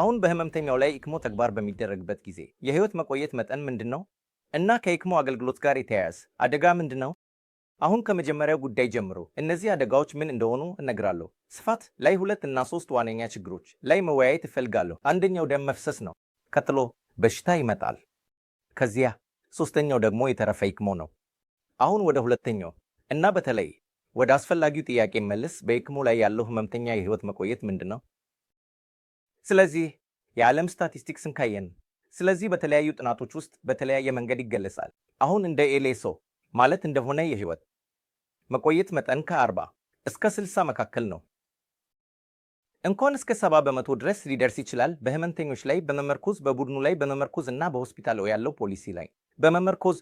አሁን በህመምተኛው ላይ ኢክሞ ተግባር በሚደረግበት ጊዜ የህይወት መቆየት መጠን ምንድን ነው እና ከኢክሞ አገልግሎት ጋር የተያያዝ አደጋ ምንድን ነው? አሁን ከመጀመሪያው ጉዳይ ጀምሮ እነዚህ አደጋዎች ምን እንደሆኑ እነግራለሁ። ስፋት ላይ ሁለት እና ሶስት ዋነኛ ችግሮች ላይ መወያየት እፈልጋለሁ። አንደኛው ደም መፍሰስ ነው። ቀጥሎ በሽታ ይመጣል። ከዚያ ሶስተኛው ደግሞ የተረፈ ኢክሞ ነው። አሁን ወደ ሁለተኛው እና በተለይ ወደ አስፈላጊው ጥያቄ መልስ በኢክሞ ላይ ያለው ህመምተኛ የህይወት መቆየት ምንድን ነው? ስለዚህ የዓለም ስታቲስቲክስን ካየን ስለዚህ በተለያዩ ጥናቶች ውስጥ በተለያየ መንገድ ይገለጻል። አሁን እንደ ኤሌሶ ማለት እንደሆነ የህይወት መቆየት መጠን ከ40 እስከ 60 መካከል ነው። እንኳን እስከ ሰባ በመቶ ድረስ ሊደርስ ይችላል። በህመምተኞች ላይ በመመርኮዝ በቡድኑ ላይ በመመርኮዝ እና በሆስፒታል ያለው ፖሊሲ ላይ በመመርኮዝ